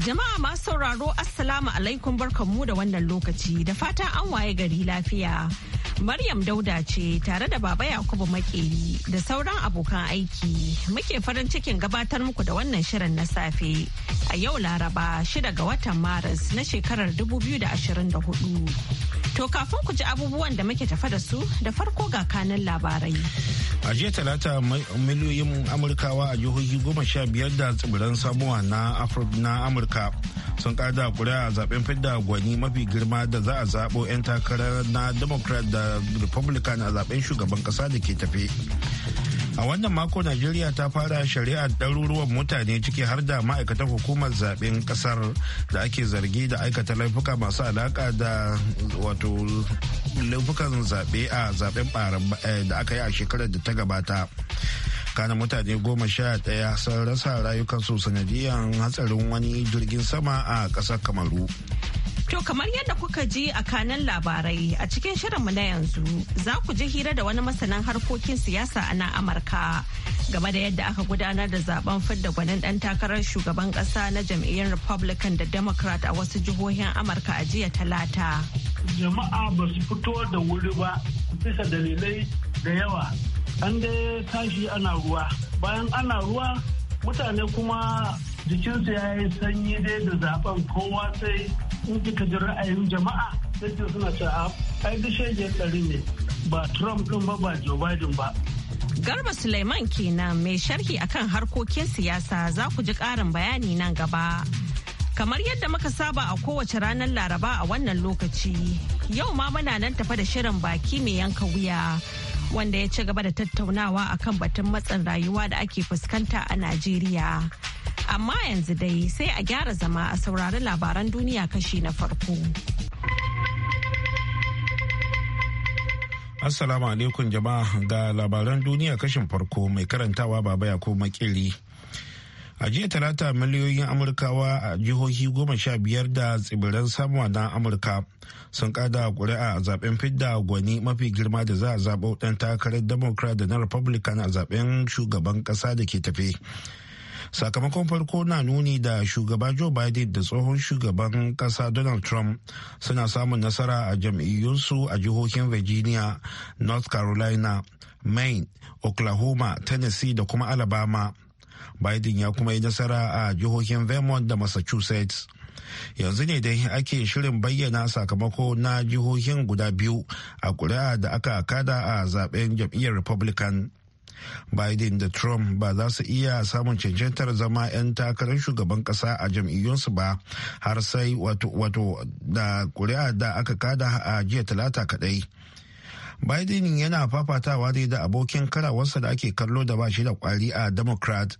Jama'a masu sauraro Assalamu alaikum barkanmu da wannan lokaci da fata an waye gari lafiya. Maryam Dauda ce tare da Baba Yakubu Makeri da sauran abokan aiki muke farin cikin gabatar muku da wannan shirin na safe a yau Laraba 6 ga watan Maris na shekarar 2024. To kafin ku ji abubuwan da muke tafa da su da farko ga kanin labarai. A jiya talata miliyoyin Amurkawa a jihohi goma sha biyar da tsibiran samuwa na Amurka sun kada kuri'a zaben fidda gwani mafi girma da za a zaɓo 'yan takarar na Democrat da republican a zaben shugaban kasa da ke tafe a wannan mako najeriya ta fara shari'ar ɗaruruwan mutane ciki har da ma'aikatan hukumar zaben kasar da ake zargi da aikata laifuka masu alaka da wato laifukan zaɓe a zaben eh, da aka yi a shekarar da ta gabata kana mutane goma sha ɗaya sun rasa rayukansu sanadiyan hatsarin wani jirgin sama a ƙasar kamaru To kamar yadda kuka ji a kanan labarai a cikin shirinmu na yanzu za ku ji hira da wani masanin harkokin siyasa a nan Amurka game da yadda aka gudanar da zaben fidda gwanin ɗan takarar shugaban kasa na jam'iyyar Republican da Democrat a wasu jihohin Amurka a jiya talata. Jama'a ba su fito da wuri ba bisa dalilai da yawa. An dai tashi ana ruwa. Bayan ana ruwa mutane kuma jikinsu ya yi sanyi dai da zaben kowa sai in kika ji ra'ayin jama'a sai suna a ah, ai duk shege tsari ne ba Trump ɗin ba ba Joe Biden ba. Garba Suleiman kenan mai sharhi akan harkokin siyasa za ku ji karin bayani nan gaba. Kamar yadda muka saba a kowace ranar Laraba a wannan lokaci, yau ma muna nan tafa da shirin baki mai yanka wuya. Wanda ya ci gaba da tattaunawa akan batun matsin rayuwa da ake fuskanta a Najeriya. Amma yanzu dai sai a gyara zama a saurari labaran duniya kashi na farko. Assalamu alaikum jama'a ga labaran duniya kashin farko mai karantawa baba ya ko makili. A jiya talata miliyoyin Amurkawa a jihohi goma sha biyar da tsibiran samuwa na Amurka sun kada kuri'a a zaben fidda gwani mafi girma da za a zaɓo ɗan takarar Democrat da na Republican a zaben shugaban ƙasa da ke tafe. sakamakon farko na nuni da shugaba joe biden da tsohon shugaban kasa donald trump suna samun nasara a jam'iyyunsu a jihohin virginia north carolina maine oklahoma tennessee da kuma alabama biden ya kuma yi nasara a jihohin vermont da massachusetts yanzu ne dai ake shirin bayyana sakamako na jihohin guda biyu a kuri'a da aka kada a zaben jam'iyyar republican biden da trump ba za su iya samun cancantar zama 'yan takarar shugaban kasa a jam'iyyunsu ba har sai wato da kuri'a da aka kada a jiya talata kadai biden yana fafatawa ne da abokin karawarsa da ake kallo da ba shi da kwari a democrat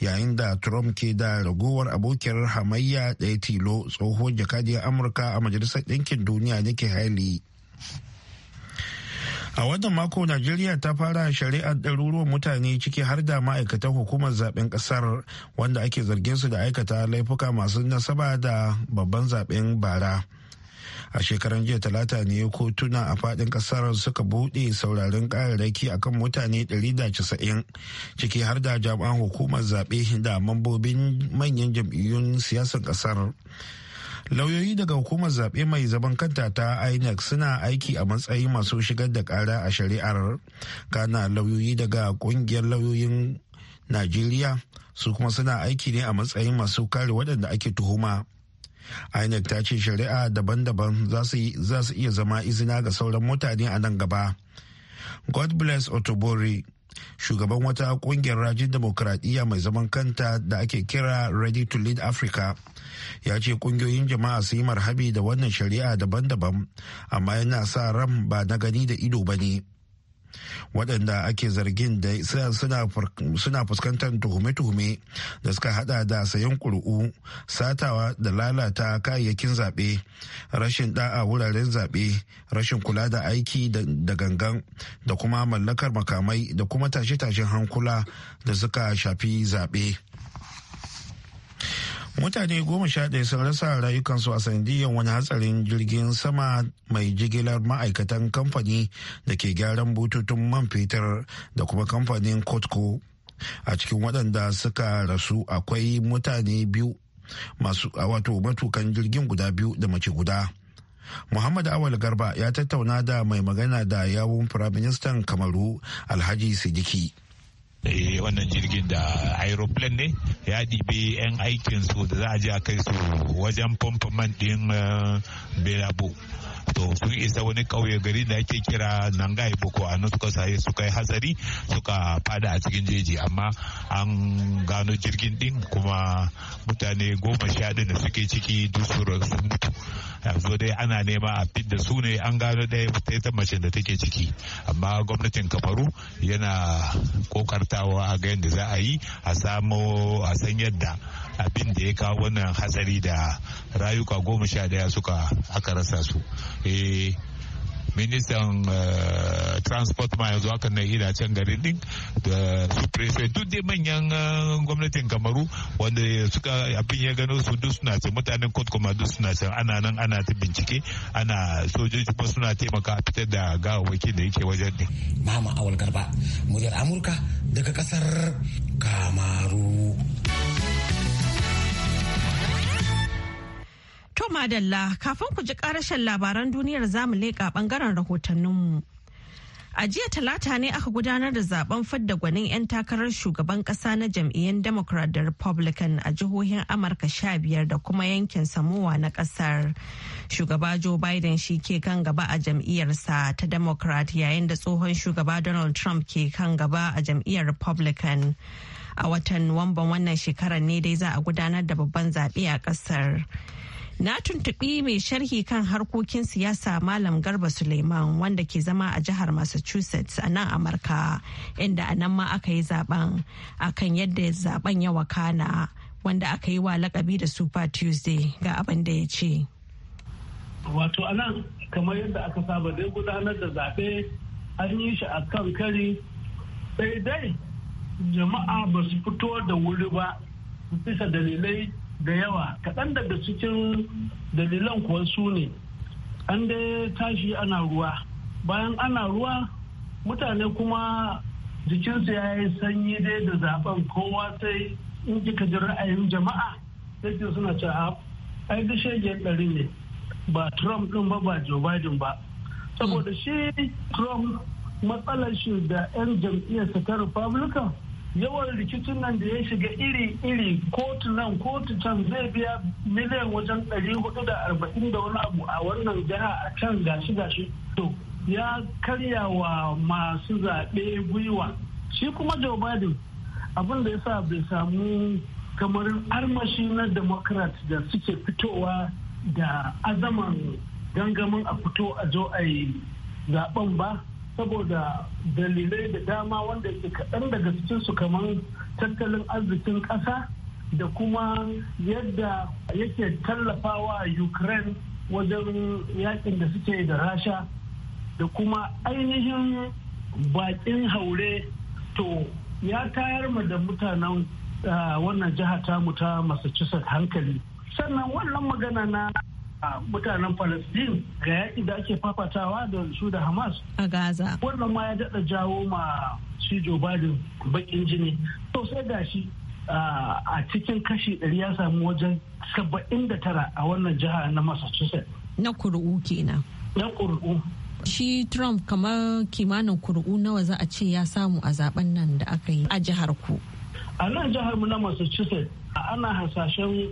yayin da trump ke da ragowar abokiyar hamayya ɗaya tilo tsohon jakadiyar amurka a majalisar ɗinkin duniya nake haley a wannan mako najeriya ta fara shari'ar ɗaruruwan mutane ciki har da ma'aikatan hukumar zaben ƙasar wanda ake zargin su da aikata laifuka masu nasaba da babban zaben bara a shekaran jiya talata ne kotuna a fadin kasar suka bude sauraron kararraki akan mutane 190 ciki har da jami'an hukumar zaɓe da mambobin manyan jam'iyyun siyasar ƙasar. lauyoyi daga hukumar zaɓe mai zaman kanta ta inec suna aiki a matsayin masu shigar da ƙara a shari'ar kana lauyoyi daga ƙungiyar lauyoyin najeriya su kuma suna aiki ne a matsayin masu kare waɗanda ake tuhuma inec ta ce shari'a daban-daban za su iya zama izina ga sauran mutane a nan gaba god bless otobori shugaban wata kungiyar rajin demokuraɗiyya mai zaman kanta da ake kira ready to lead africa ya ce kungiyoyin jama'a su yi marhabi da wannan shari'a daban-daban amma yana sa ran ba na gani da ido ba ne waɗanda ake zargin da suna fuskantar tuhume-tuhume da suka hada da sayan ƙuri'u satawa da lalata kayayyakin zaɓe rashin ɗa'a wuraren zaɓe rashin kula da aiki da gangan da kuma mallakar makamai da kuma tashe-tashen hankula da suka shafi zaɓe. mutane goma sha ɗaya sun rasa rayukansu a sanadiyar wani hatsarin jirgin sama mai jigilar ma'aikatan kamfani da ke gyaran bututun man fetur da kuma kamfanin kotko a cikin waɗanda suka rasu akwai mutane biyu masu wato matukan jirgin guda biyu da mace guda muhammad awal garba ya tattauna da mai magana da yawun firaministan kamaru alhaji sidiki Eh, wannan jirgin da aeroplane ne ya ɗibe 'yan aikin su da za a je a kai su wajen man ɗin eh, belabo to sun isa wani ƙauye gari da ake kira nangai boko a nan suka saye su yi hatsari suka fada a cikin jeji amma an gano jirgin ɗin kuma mutane goma sha da suke ciki duk sun mutu yanzu dai ana nema a fit da su ne an gano ɗaya ta mace da take ciki amma gwamnatin kafaru yana kokartawa a ga yadda za a yi a samo a san yadda abin da ya kawo wannan hatsari da rayuka goma sha ɗaya suka aka rasa su eh ministan eh, transport ma yanzu haka na ina can garin din da su prefect duk dai manyan eh, gwamnatin kamaru wanda suka abin ya gano su duk suna can mutanen court kuma duk suna can ana nan ana ta bincike ana sojoji kuma suna taimaka a fitar da gawawwaki da yake wajen din. Mama Awal Garba, muryar Amurka daga kasar Kamaru. To madalla kafin ku ji karashen labaran duniyar zamu leƙa bangaren rahotanninmu. A jiya talata ne aka gudanar da zaben fadda gwanin 'yan takarar shugaban ƙasa na jam'iyyar Democrat da Republican a jihohin Amurka sha biyar da kuma yankin Samowa na ƙasar. Shugaba Joe Biden shi ke kan gaba a jam'iyyarsa ta Democrat yayin da tsohon shugaba Donald Trump ke kan gaba a jam'iyyar Republican. A watan Nuwamban wannan shekarar ne dai za a gudanar da babban zaɓe a ƙasar. Na tuntuɓi mai sharhi kan harkokin siyasa Malam Garba Suleiman wanda ke zama a jihar Massachusetts a nan Amurka inda a nan ma aka yi zaben a kan yadda zaben ya wakana wanda aka yi wa lakabi da Super Tuesday ga abin da ya ce. Wato anan kamar yadda aka saba dai gudanar da zaɓe an yi shi a kan kari sai dai jama'a ba su fito da wuri ba bisa dalilai da yawa kaɗan daga cikin dalilan kuwa su ne an dai tashi ana ruwa bayan ana ruwa mutane kuma jikinsu ya yi sanyi dai da zaben kowa sai in kika ji ra'ayin jama'a sai suna ce a ai da shege ɗari ne ba trump ɗin ba ba joe biden ba saboda shi trump matsalar shi da 'yan jam'iyyarsa ta republican yawan rikicin nan da ya shiga iri-iri kotu nan kotu can zai biya miliyan wajen ɗari da arba'in da wani abu a wannan jiha a can gashi-gashi to ya karya wa masu zaɓe gwiwa shi kuma joe biden abin da ya sa bai samu kamar armashi na democrat da suke fitowa da azaman gangamin a fito a zo a yi zaben ba saboda dalilai da dama wanda ke kaɗan daga su kamar tattalin arzikin ƙasa da kuma yadda yake tallafawa ukraine wajen yakin da suke da rasha da kuma ainihin baƙin haure to ya tayar mu da mutanen ah, wannan jiha tamu ta massachusetts hankali sannan wannan magana na mutanen Palestine ga yaƙi da ake fafatawa da su da Hamas. A Gaza. Wannan ma ya daɗa jawo ma shi Joe Biden baƙin jini. To sai ga shi a cikin kashi ɗari ya samu wajen saba'in da tara a wannan jiha na Massachusetts. Na kuru'u kenan. Na kuru'u. Shi Trump kamar kimanin kuru'u nawa za a ce ya samu a zaben nan da aka yi a jihar ku. A nan jihar mu na Massachusetts ana hasashen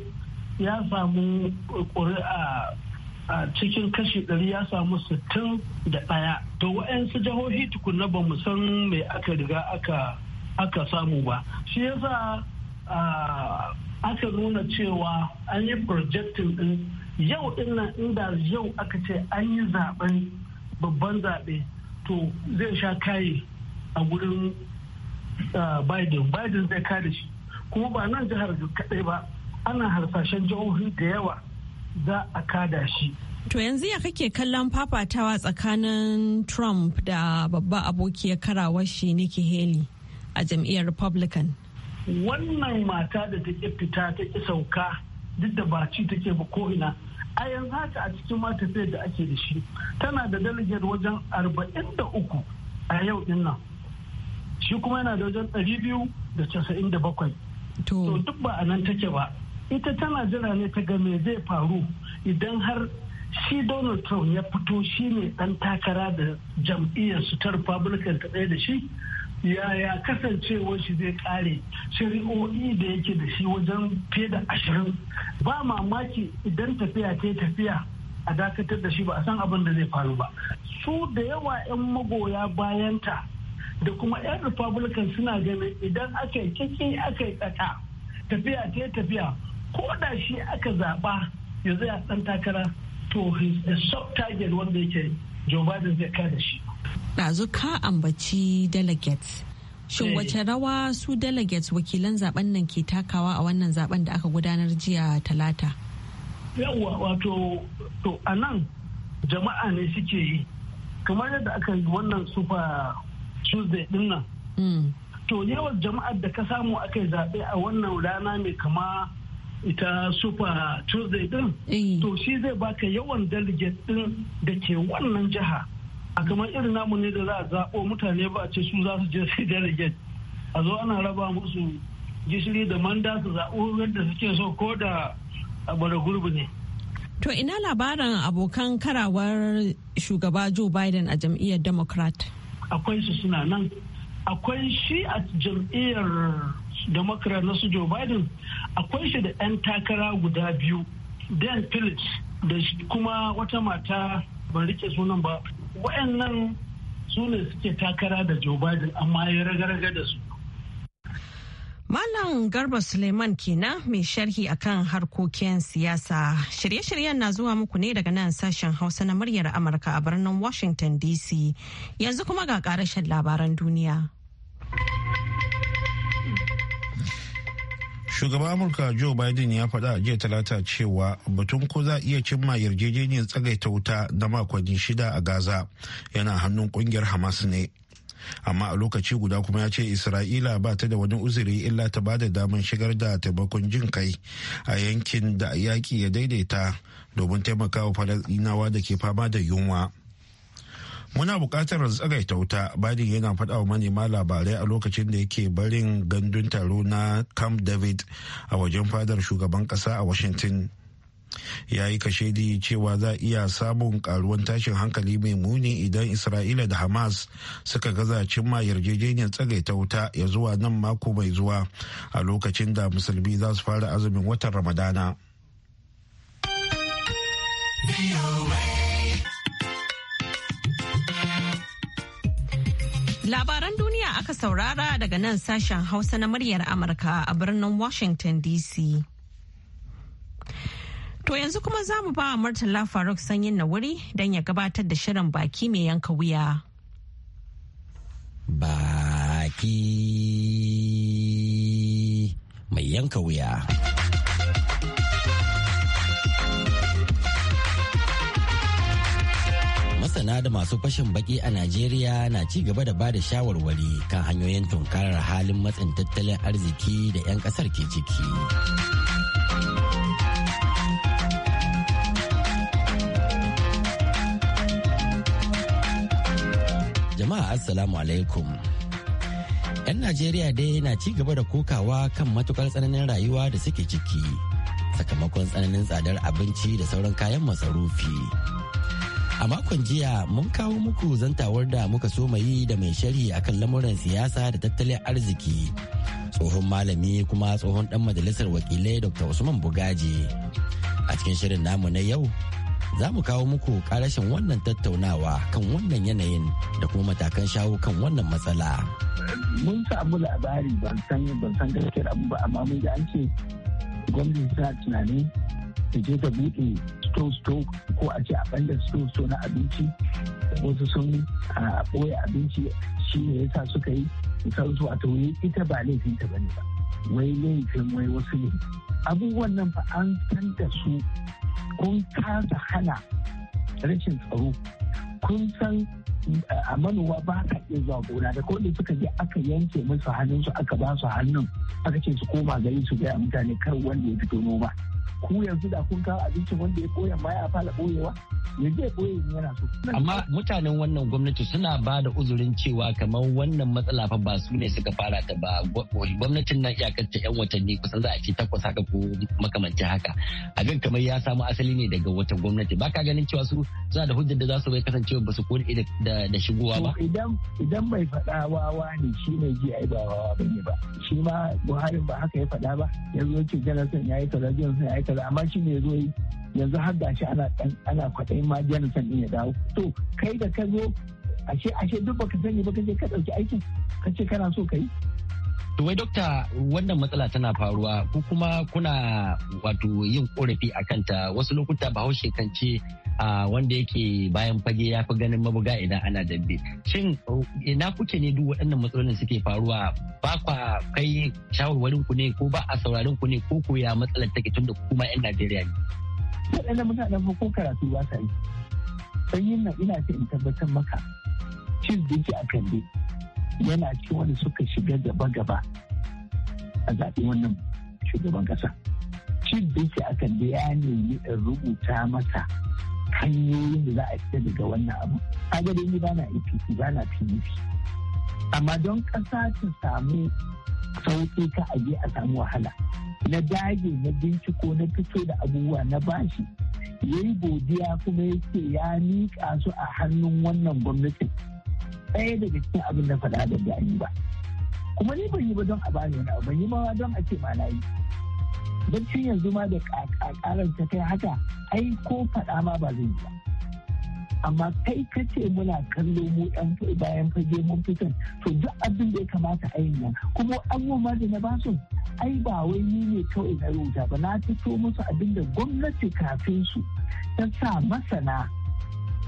ya samu ƙuri'a a cikin kashi ɗari ya samu sittin da ɗaya to wa'yansu jihohi tukuna ba mu san me aka riga aka aka samu ba shi yasa aka nuna cewa an yi projectin ɗin yau dinnan inda yau aka ce an yi zaben babban zaɓe to zai sha kayi a gurin biden biden zai kada shi kuma ba nan jihar kaɗai ba ana harsashen jihohi da yawa za a kada shi To yanzu ya kake kallon fafatawa tsakanin Trump da babba ya karawar shi Nikki Haley a jam'iyyar Republican. Wannan mata da ta fita ta ƙi sauka duk da baci take ba ko'ina. A yanzu haka a cikin matafiyar da ake da shi tana da delegate wajen 43 a yau din nan. Shi kuma yana da wajen 297. To duk ba a nan take ba. ita tana jira ne ta ga me zai faru idan har shi donald trump ya fito shi ne dan takara da jam'iyyar su ta republican ta ɗaya da shi ya kasancewar shi zai kare shari'o'i da yake da shi wajen fiye da ashirin ba mamaki idan tafiya ta yi tafiya a dakatar da shi ba a san abin da zai faru ba su da yawa 'yan magoya bayanta da kuma 'yan republican suna ganin idan aka yi kiki aka yi tsaka tafiya ta yi tafiya ko da shi aka zaɓa ya zai ɗan takara to his sub target wanda yake Joe Biden zai kada shi. Ɗazu ka ambaci delegates. Shin eh. wace rawa su delegates wakilan zaben nan ke takawa a wannan zaben da aka gudanar jiya talata? yawa wato to a nan jama'a ne suke yi. Kamar yadda aka yi wannan super Tuesday din nan. Hmm. To yawan jama'ar da ka samu aka yi zaɓe a wannan rana mai kama ita super tuesday din eh. to shi zai baka yawan delegate din da ke wannan jiha a kamar irin namu ne da za a zaɓo mutane ba ce su za su je su delegate a zo ana raba musu gishiri da manda su zaɓo yadda suke so ko da bara gurbi ne to ina labarin abokan karawar shugaba joe biden a jam'iyyar democrat akwai su suna nan akwai shi a jam'iyyar democrat na su joe biden akwai shi da 'yan takara guda biyu dan phillips da kuma wata mata ban rike sunan ba wa'annan su ne suke takara da joe biden amma ya ragaraga da su Malam Garba Suleiman kenan mai sharhi akan harkokin siyasa. Shirye-shiryen na zuwa muku ne daga nan sashen Hausa na muryar Amurka a birnin Washington DC. Yanzu kuma ga ƙarashin labaran duniya. shugaban amurka joe biden ya faɗa jiya talata cewa batun ko za iya cimma yarjejeniyar tsagaita wuta na makonni shida a gaza yana hannun kungiyar hamas ne amma a lokaci guda kuma ya ce isra'ila ba ta da wani uzuri illa ta ba da damar shigar da taimakon jin kai a yankin da yaƙi ya daidaita domin taimakawa falasɗinawa da ke fama da yunwa muna buƙatar tsagaita wuta biden yana faɗa wa manema labarai a lokacin da yake barin gandun taro na camp david a wajen fadar shugaban ƙasa a washington ya yi kashedi cewa za a iya samun karuwan tashin hankali mai muni idan isra'ila da hamas suka gaza cimma yarjejeniyar tsagaita wuta ya zuwa nan mako mai zuwa a lokacin da musulmi za su fara azumin watan ramadana. Labaran duniya aka saurara daga nan sashen Hausa na muryar Amurka a birnin Washington DC. To yanzu kuma za mu ba Murtala Faruk sanyin na wuri don ya gabatar da shirin baki mai yanka wuya. Baki mai yanka wuya. masana da masu fashin baki a najeriya na ci gaba da bada shawarwari kan hanyoyin tunkarar halin matsin tattalin arziki da 'yan kasar ke ciki jama'a assalamu alaikum 'yan najeriya dai na ci gaba da kokawa kan matukar tsananin rayuwa da suke ciki sakamakon tsananin tsadar abinci da sauran kayan masarufi A makon jiya mun kawo muku zantawar da muka so yi da mai shari a kan lamuran siyasa da tattalin arziki. Tsohon malami kuma tsohon dan majalisar wakilai Dr. Usman Bugaji. A cikin shirin namu na yau, za mu kawo muku karashin wannan tattaunawa kan wannan yanayin da kuma matakan shawo kan wannan matsala. Mun samu labari ban san ban san gaskiyar abu ba amma mun ji an ce gwamnati ta tunani ta je ta buɗe store-store ko a ce a banda store-store na abinci wasu sun ɓoye abinci shi ne ya sa suka yi su a tauye ita ba laifin ta bane ba wai laifin wai wasu ne abubuwan nan fa an san da su kun kasa hana rashin tsaro kun san a manowa ba ka iya zuwa gona da kawai suka je aka yanke musu hannunsu aka ba su hannun aka ce su koma gari su gaya mutane kar wanda ya fito noma ku yanzu da kun kawo abincin wanda ya koya ma ya fara boyewa ya zai boye ne yana so. Amma mutanen wannan gwamnati suna ba da uzurin cewa kamar wannan matsala fa ba su ne suka fara ta ba gwamnatin nan iyakarta yan watanni kusan za a ce takwas haka ko makamancin haka abin kamar ya samu asali ne daga wata gwamnati ba ka ganin cewa su suna da hujjar da za su bai kasancewa ba su kori da shigowa ba. Idan idan bai faɗa wawa ne shi ne ji ai ba wawa ba ne ba shi ma Buhari ba haka ya faɗa ba yanzu ce Jonathan ya yi kaza Jonathan ya yi kaza amma shi ne zo yanzu har da shi ana kwaɗayin ma Jonathan din ya dawo to kai da ka zo ashe ashe duk baka sani baka je ka ɗauki aikin ka ce kana so ka yi To wai dokta wannan matsala tana faruwa ko kuma kuna wato yin korafi a kanta wasu lokuta bahaushe kan ce a ah, wanda yake bayan fage ya fi ganin mabuga idan ana dambe. Shin ina kuke ne duk waɗannan matsalolin suke faruwa ba kwa kai shawarwarin ku ne ko ba a sauraron ku ne ko ko ya matsalar take tun da kuma 'yan Najeriya ne. Waɗannan mutanen ko karatu ba sa yi. Sanyin nan ina ce tabbatar maka cin da a kan yana cewa wanda suka shiga gaba-gaba a zaɓi wannan shugaban ƙasa. Cin da yake aka da ya nemi in rubuta masa hanyoyin da za a fita daga wannan abu. Agare ni ba na APC ba na PDP. Amma don ƙasa ta samu sauƙi ka a aje a samu wahala. Na dage na binciko na fito da abubuwa na bashi. yayi godiya kuma yake ya miƙa su a hannun wannan gwamnatin. ɗaya daga cikin abin da faɗa da da ba kuma ni ban yi ba don a bani wani abu ban yi ma don a ce ma na yi bacci yanzu ma da ƙaƙarar ta kai haka ai ko faɗa ma ba zai yi ba amma kai ka ce muna kallo mu yan bayan fage mun fitan to duk abin da ya kamata a yin nan kuma an abubuwa da na basu ai ba wai ni ne kawai na rubuta ba na fito musu abin da gwamnati kafin su ta sa masana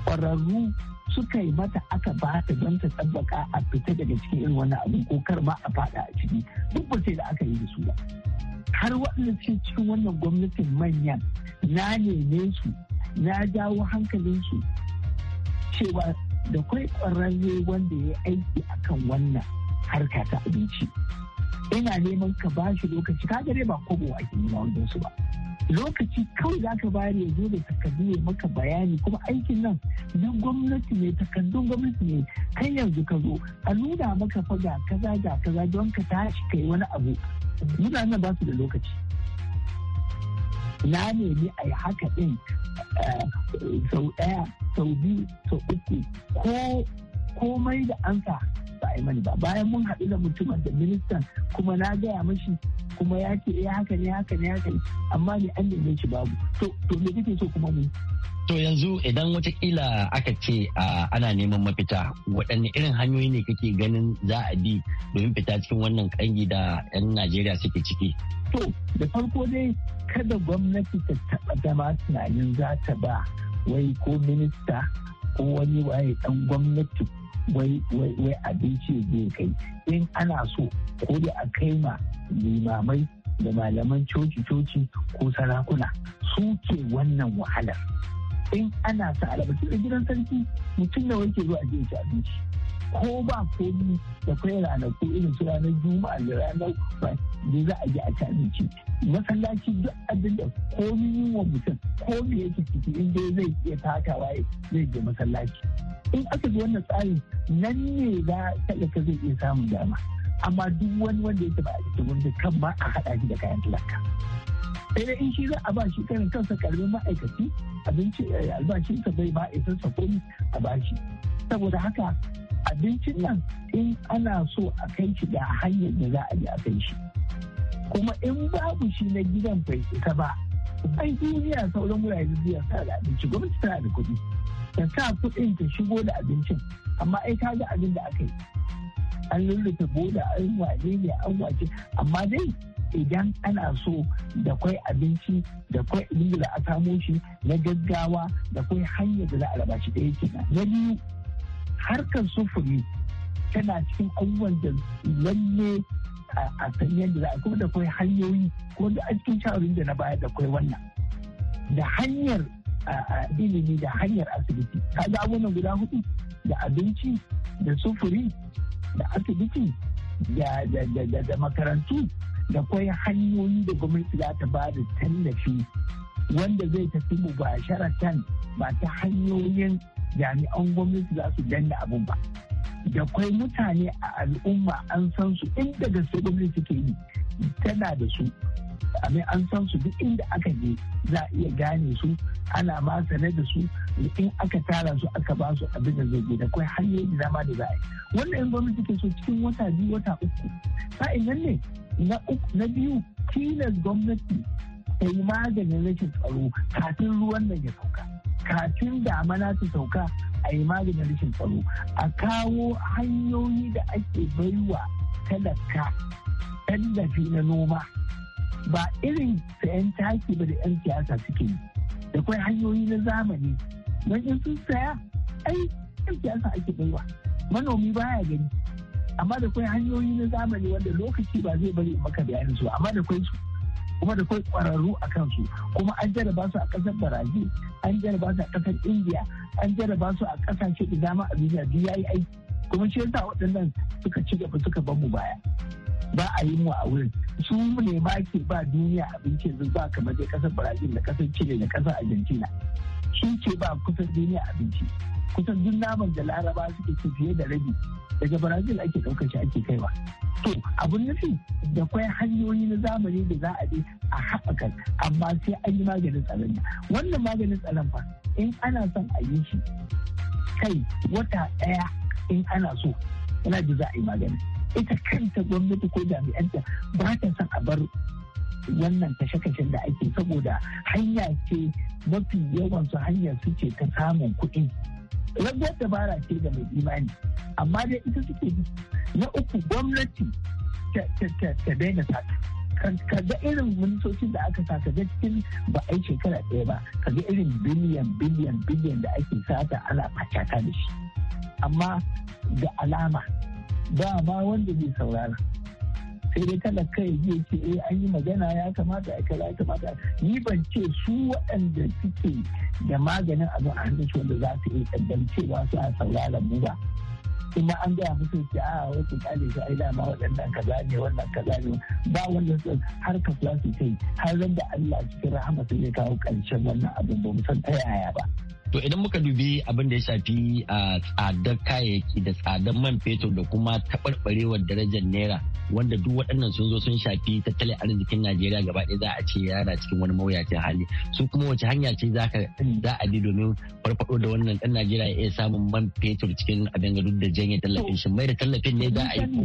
ƙwararru suka yi mata aka ba ta don ta tsabbaka a fita daga cikin irin wannan abin ko kar ma a fada a ciki duk ba sai da aka yi da su ba har waɗanda suke cikin wannan gwamnatin manyan na neme su na jawo hankalin hankalinsu cewa da kwai ƙwararre wanda ya yi aiki akan wannan harka ta abinci yana neman ka ba shi lokaci ka dai ba kobo a ke nuna wajen su ba lokaci kawai za ka bayar ya zo da takardu ya maka bayani kuma aikin nan na gwamnati ne takardun gwamnati ne kan yanzu ka zo a nuna maka faga kaza ga kaza don ka tashi kai wani abu mutanen ba su da lokaci na nemi a yi haka ɗin eh, sau ɗaya sau biyu sau uku ko komai da sa ba a yi mani ba bayan mun haɗu da mutumin da ministan kuma na gaya mashi kuma ya ce eh haka ne haka ne haka ne amma ne an neme shi babu to to me kake so kuma ne to yanzu idan kila aka ce ana neman mafita waɗanne irin hanyoyi ne kake ganin za a bi domin fita cikin wannan kangi da 'yan najeriya suke ciki to da farko dai kada gwamnati ta taɓa zama tunanin za ta ba wai ko minista ko wani waye ɗan gwamnati wai abinci zai kai in ana so ko da a kai ma limamai da malaman coci-coci ko sarakuna su ke wannan wahalar in ana sa albarci da gidan sarki mutum nawa ke zuwa a ci abinci ko ba komi da kai ranaku irin su ranar juma'a da ranar da za a yi a ci masallaci duk abin da komi wa mutum komi yake ciki in dai zai iya takawa zai je masallaci in aka ji wannan tsarin nan ne za ka zai iya samun dama amma duk wani wanda yake ba a cikin wanda kan ma a haɗa shi da kayan talaka sai dai in shi za a ba shi karin kansa karamin ma'aikaci abinci eh, albashinsa bai ba isa sa komi a bashi saboda haka abincin nan in ana so a kai shi da hanyar da za a yi a kai shi kuma in babu shi na gidan bai isa ba ai duniya sauran wurare duniya sa da abinci gwamnati tana da kuɗi ta sa kuɗin ta shigo da abincin amma ai ka ga abin da aka yi an lullufe boda an wane ne an wace amma dai idan ana so da kwai abinci da kwai abin da a samo shi na gaggawa da kwai hanyar da za a raba shi ɗaya kenan na biyu harkar sufuri tana cikin abubuwan da lalle a san yadda za a kuma da kai hanyoyi ko da a cikin shawarin da na baya da kai wannan da hanyar ilimi da hanyar asibiti kaga abubuwan guda hudu da abinci da sufuri da asibiti da makarantu da kai hanyoyi da gwamnati za ta ba da tallafi wanda zai tafi mu ba sharatan ba ta hanyoyin jami'an gwamnati za su danna abin ba da kwai mutane a al'umma an san su inda gaske gwamnati ke yi tana da su abin an san su duk inda aka je za a iya gane su ana ma sane da su in aka tara su aka ba su abin da zai je da kwai hanyoyi da da za a yi wannan yan gwamnati ke so cikin wata biyu wata uku sa'in nan ne na biyu tilas gwamnati ta yi maganin rashin tsaro kafin ruwan nan ya sauka kafin damana su sauka a yi maganin rashin tsaro a kawo hanyoyi da ake baiwa talaka tallafi na noma ba irin sayan taki ba da 'yan siyasa suke yi da kwai hanyoyi na zamani don in sun saya ai 'yan siyasa ake baiwa manomi baya gani amma da kwai hanyoyi na zamani wanda lokaci ba zai bari maka bayanin su amma da kwai su kuma da kai kwararru a kansu kuma an jarraba su a kasar brazil an jarraba su a kasar india an jarraba su a kasashe da dama a duniya duk yayi aiki kuma shi yasa waɗannan suka ci gaba suka ban mu baya ba a yi mu a wurin su ne ba ke ba duniya abinci yanzu ba kamar dai kasar brazil da kasar chile da kasar argentina su ke ba kusan duniya abinci kusan duk naman da laraba suke ci fiye da rabi daga brazil ake ɗaukar shi ake kaiwa to abun nufi da kwai hanyoyi na zamani da za a bi a haɓaka amma sai an yi maganin tsaron wannan maganin tsaron fa in ana son a yi shi kai wata ɗaya in ana so yana da za a yi magani ita kanta gwamnati ko jami'anta ba ta son a bar wannan kashe-kashen da ake saboda hanya ce mafi yawan su hanyar su ce ta samun kuɗi rabuwar dabara ce da mai imani amma dai ita suke na uku gwamnati ta daina sata ka ga irin ministocin da aka sa ka ga cikin ba a yi shekara ɗaya ba ka ga irin biliyan biliyan biliyan da ake sata ana facaka da shi amma da alama ba ma wanda zai saurara sai dai kada kai zai ce eh an yi magana ya kamata a kai ya kamata ni ban ce su waɗanda suke da maganin abu a hannun su wanda za su yi ɗanɗan cewa su a sauraron mu ba kuma an gaya musu ce a ah, wasu kyale su ai dama waɗannan kaza ne wannan kaza ne ba wanda su har ka su kai har da Allah cikin rahama su zai kawo ƙarshen wannan abin ba mu san ta yaya ba. To idan muka dubi abin da ya shafi a tsadar kayayyaki da tsadar man fetur da kuma taɓarɓarewar darajar naira wanda duk waɗannan sun zo sun shafi tattalin arzikin Najeriya gaba ɗaya za a ce yana cikin wani mawuyacin hali. Su kuma wace hanya ce za a bi domin farfaɗo da wannan ɗan Najeriya ya iya samun man fetur cikin abin duk da janye tallafin shi mai da tallafin ne za a yi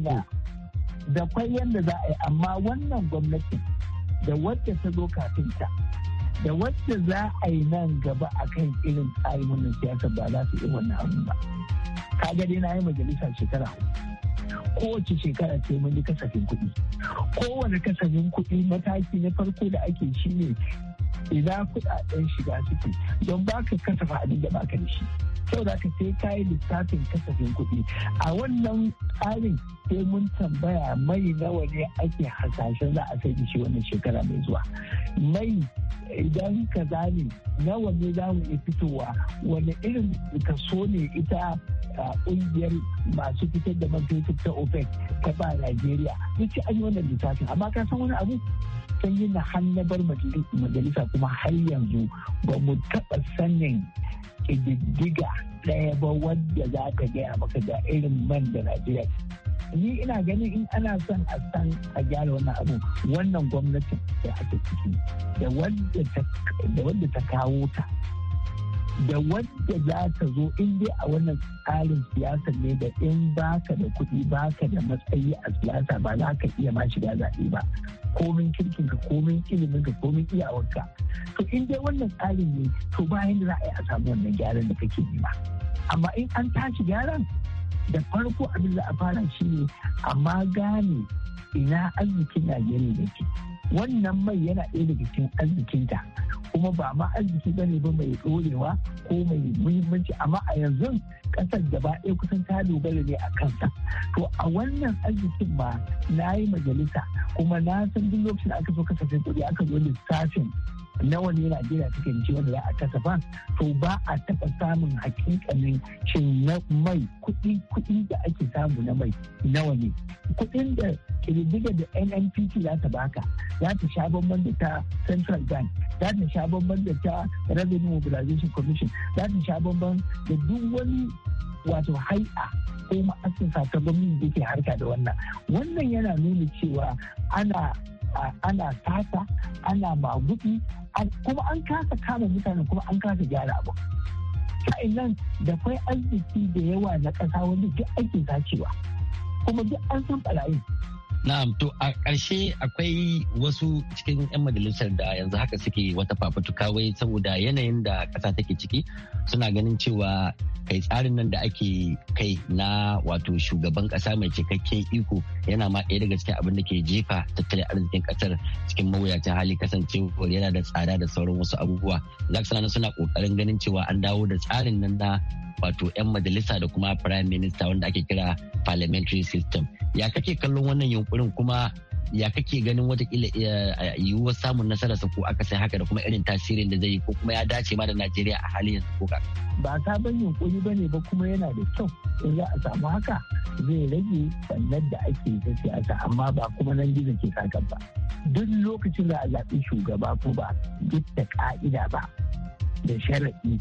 Da kwai yadda za a yi amma wannan gwamnati da wacce ta zo kafin ta da wanda za a yi nan gaba a kan irin tsarin wannan siyasa ba za su yi wannan abu ba Ka dai na yi majalisa shekara kowace shekara ce mun yi kasafin kuɗi kowane kasafin kuɗi mataki na farko da ake shi ne ina kudaden shiga suke don ba ka kasafa abin da baka da shi za ka sai kayi lissafin kasafin kuɗi a wannan tsarin sai mun tambaya mai nawa ne ake hasashen za a sai da shi wannan shekara mai zuwa mai idan ka zane nawa ne za mu iya fitowa wani irin kaso ne ita kungiyar masu fitar da man ta opec ta ba najeriya duk an yi wannan lissafin amma ka san wani abu yi na hannabar majalisa kuma har yanzu ba mu taɓa sanin ƙididdiga ɗaya ba wadda za ka gaya maka ga irin man da Najeriya. Ni ina ganin in ana son a san a gyara wannan abu wannan gwamnatin da ake ciki da wadda ta kawo ta da wadda za ta zo in dai a wannan tsarin siyasa ne da in baka da kuɗi baka da matsayi a siyasa ba za ka iya ma shiga zaɓe ba komin kirkin ka komin ilimin ka komin ka to in dai wannan tsarin ne to bayan da za a yi a samu wannan gyaran da kake nema amma in an tashi gyaran da farko abin da a fara shi ne amma gane ina arzikin najeriya da wannan mai yana ɗaya daga cikin arzikinta kuma ba ma arziki bane ba mai dorewa ko mai muhimmanci amma a yanzu kasar gaba ɗaya kusan ta dogara ne a kanta, to a wannan arzikin ma na yi majalisa kuma na san duk lokacin aka so kasafin kuɗi aka zo lissafin nawa ne najeriya suke da wanda za a kasafa to ba a taɓa samun hakikanin shin na mai kuɗi kuɗi da ake samu na mai nawa ne kuɗin da ƙididdiga da nnpc za ta baka za ta sha bamban da ta central bank za ta sha bamban da ta revenue mobilization commission za ta sha bamban da duk wani wato hai'a ko ma'asasa ta gwamnati da ke harka da wannan wannan yana nuna cewa ana ana kasa ana maguɗi kuma an kasa kama mutane kuma an kasa gyara abu nan da kwai arziki da yawa na ƙasa wanda duk ake sacewa kuma duk an san ɓarayin Na'am to a ƙarshe akwai wasu cikin 'yan majalisar da yanzu haka suke wata fafutuka wai saboda yanayin da ƙasa take ciki suna ganin cewa kai tsarin nan da ake kai na wato shugaban ƙasa mai cikakken iko yana ma ɗaya daga cikin abin da ke jefa tattalin arzikin ƙasar cikin mawuyacin hali kasancewar yana da tsada da sauran wasu abubuwa. Za suna ƙoƙarin ganin cewa an dawo da tsarin nan na wato 'yan majalisa da kuma prime minister wanda ake kira parliamentary system ya kake kallon wannan yunkurin kuma ya kake ganin watakila eh, yiwuwar samun nasarar sa ko aka sai haka da kuma irin tasirin da zai yi ko kuma ya dace ma da Najeriya a halin yanzu ko kaka. Ba sabon ban yunkuri ba ne ba kuma yana da kyau in za a samu haka zai rage sannan da ake ta siyasa amma ba kuma nan gizo ke kakan ba. Duk lokacin da a zaɓi shugaba ko ba duk da ƙa'ida ba da sharaɗi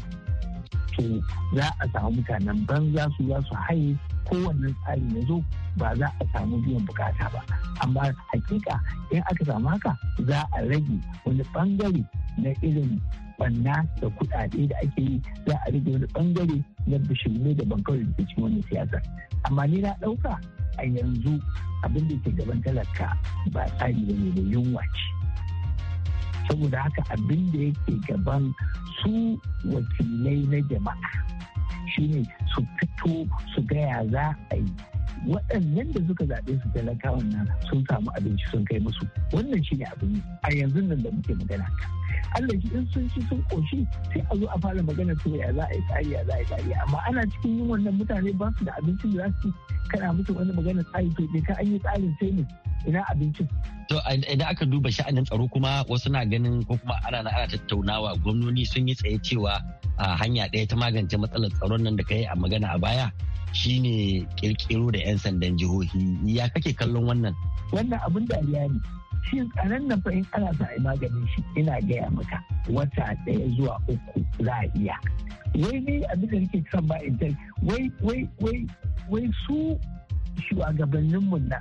to za a samu mutanen banza su za su haye kowanne tsari ya zo ba za a samu biyan bukata ba amma hakika in aka samu haka za a rage wani bangare na irin banna da kuɗaɗe da ake yi za a rage wani bangare na bishirme da bankawar da ke wani siyasar amma ni na ɗauka a yanzu abin da ke gaban talaka ba tsari ne da yunwa ce saboda haka abin da yake gaban su wakilai na jama'a shine su fito su gaya za a yi waɗannan da suka zaɓe su talakawan nan sun samu abinci sun kai musu wannan shine abin a yanzu nan da muke magana Allah shi in sun ci sun koshi sai a zo a fara magana to ya za a yi tsari ya za a yi tsari amma ana cikin yin wannan mutane ba su da abincin da za su kana musu wani magana tsari to ka an yi tsarin sai ne ina abincin. To idan aka duba sha'anin tsaro kuma wasu na ganin ko kuma ana na ana tattaunawa gwamnoni sun yi tsaye cewa a hanya ɗaya ta magance matsalar tsaron nan da ka yi a magana a baya shine kirkiro da 'yan sandan jihohi ya kake kallon wannan. Wannan abin dariya ne shi karen na fa ana sa a maganin shi ina gaya maka wata daya zuwa uku za a iya wai ni abin da nake son ba in wai wai wai wai su shugabanninmu na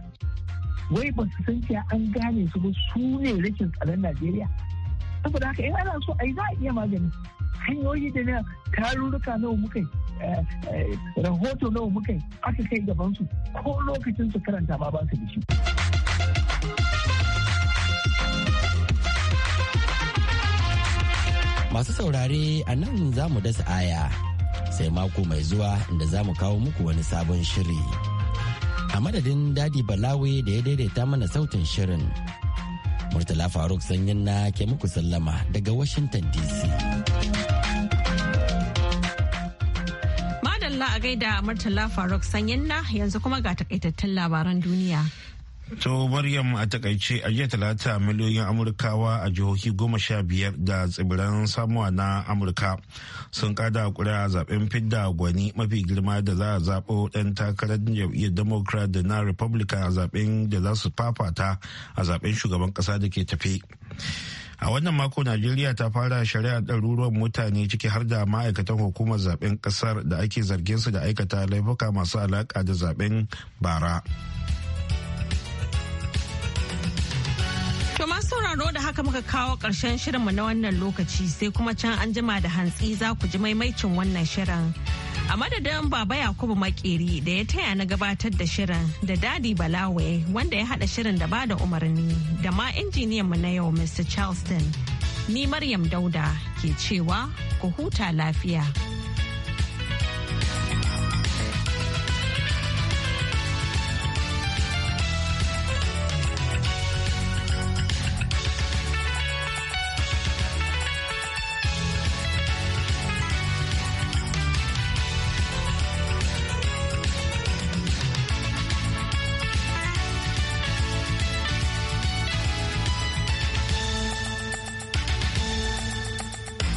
wai ba su san cewa an gane su ba su ne rashin tsaron Najeriya saboda haka in ana so ai za a iya magani hanyoyi da na tarurruka nawa muka eh, eh, rahoto nawa muka aka kai gaban su ko lokacin su karanta ma ba su da Masu saurare a nan za mu dasa aya sai mako mai zuwa inda za mu kawo muku wani sabon shiri. A madadin Dadi Balawe da ya daidaita mana sautin shirin. Murtala Faruk sanyin na ke muku sallama daga Washington DC. Madalla a gaida Murtala Faruk sanyin na yanzu kuma ga takaitattun labaran duniya. To Maryam a takaice a jiya talata miliyoyin Amurkawa a jihohi goma sha biyar da tsibiran samuwa na Amurka sun kada kuri'a zaben fidda gwani mafi girma da za a zaɓo ɗan takarar jam'iyyar Democrat da na Republican a zaben da za su fafata a zaben shugaban ƙasa da ke tafe. a wannan mako najeriya ta fara shari'ar ɗaruruwan mutane ciki har da ma'aikatan hukumar zaben ƙasar da ake zargin su da aikata laifuka masu alaƙa da zaben bara sauraro da haka muka kawo ƙarshen shirinmu na wannan lokaci sai kuma can an jima da hantsi za ku ji maimaicin wannan shirin. A madadin Baba Yakubu Makeri da ya taya na gabatar da shirin da Dadi Balawe wanda ya haɗa shirin da bada umarni da ma injiniyanmu na yau Mr. Charleston. Ni Maryam Dauda ke cewa ku huta lafiya.